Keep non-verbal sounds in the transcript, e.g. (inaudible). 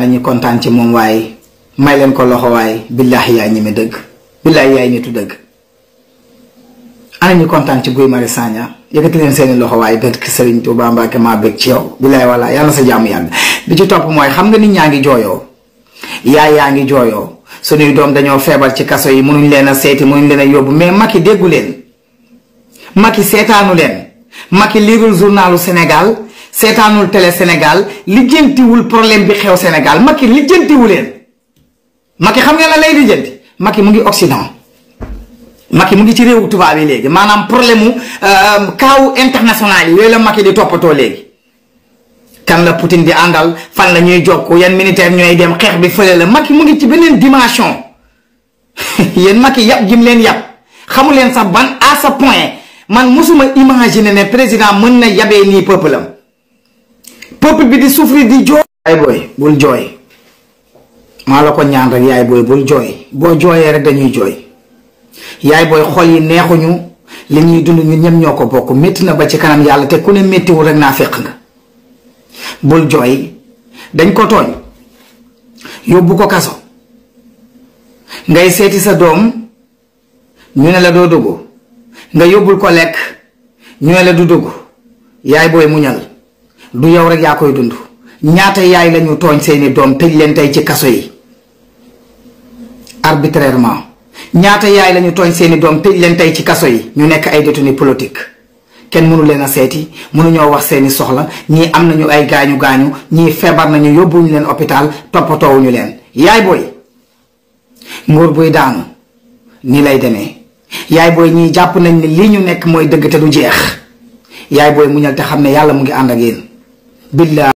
la ñuy kontaan ci moom waaye may leen ko loxo waaye yaay ñi ñeme dëgg billaahi yaay nitu dëgg ana ñu kontaan ci Guy Marius Sagna yëkkati leen seeni loxo waaye bët ki Sëriñ Tuubaa Mbàkke maa bëgg ci yow billaahi walla yàlla sa jàmm yàgg bi ci topp mooy xam nga nit ñaa ngi jooyoo yaay yaa ngi jooyoo suñuy doom dañoo feebar ci kaso yi mënuñ leen a seeti mënuñ leen a yóbbu mais Macky déggu leen Macky seetaanu leen Macky liirul journalu Sénégal seetaanul télé Sénégal lijjantiwul problème bi xew Sénégal Macky lijjantiwu leen Macky xam nga la lay lijjanti Macky mu ngi Occident Macky mu ngi ci réewu tubaab yi léegi maanaam problème mu euh, kaaw international yi yooyu la makki di toppatoo léegi kan la Poutine di àndal fan la ñuy jokk yan militaire ñooy dem xeex bi fële la Macky mu ngi ci beneen dimension (laughs) yéen Macky yàpp jim leen yàpp xamu leen sax ban à ce point man mosuma imaginer ne président mën na yabee nii peuple peuple bi di souffrir di jooy. yaay booy bul jooy maa la ko ñaan rek yaay booy bul jooy boo jooyee rek dañuy jooy yaay booy xool yi neexuñu li ñuy dund ñun ñëpp ñoo ko bokk métti na ba ci kanam yàlla te ku ne méttiwul rek naa fekk nga bul jooy dañ ko tooñ yóbbu ko kaso ngay seeti sa doom ñu ne la doo dugg nga yóbbul ko lekk ñu ne la du dugg yaay booy muñal du yow rek yaa koy dund ñaata yaay lañu tooñ seeni doom tëj leen tey ci kaso yi arbitrairement ñaata yaay lañu tooñ seeni doom tëj leen tey ci kaso yi ñu nekk ay détenu politique kenn mënu leen a seeti mënuñoo wax seeni soxla ñii am nañu ay gaañu gaañu ñii feebar nañu yóbbuwuñu leen hôpital toppatoowuñu leen yaay booy nguur buy daanu nii lay demee yaay booy ñii jàpp nañ ni lii ñu nekk mooy dëgg te du jeex yaay booy muñal te xam ne yàlla mu ngi ànd a yéen billaa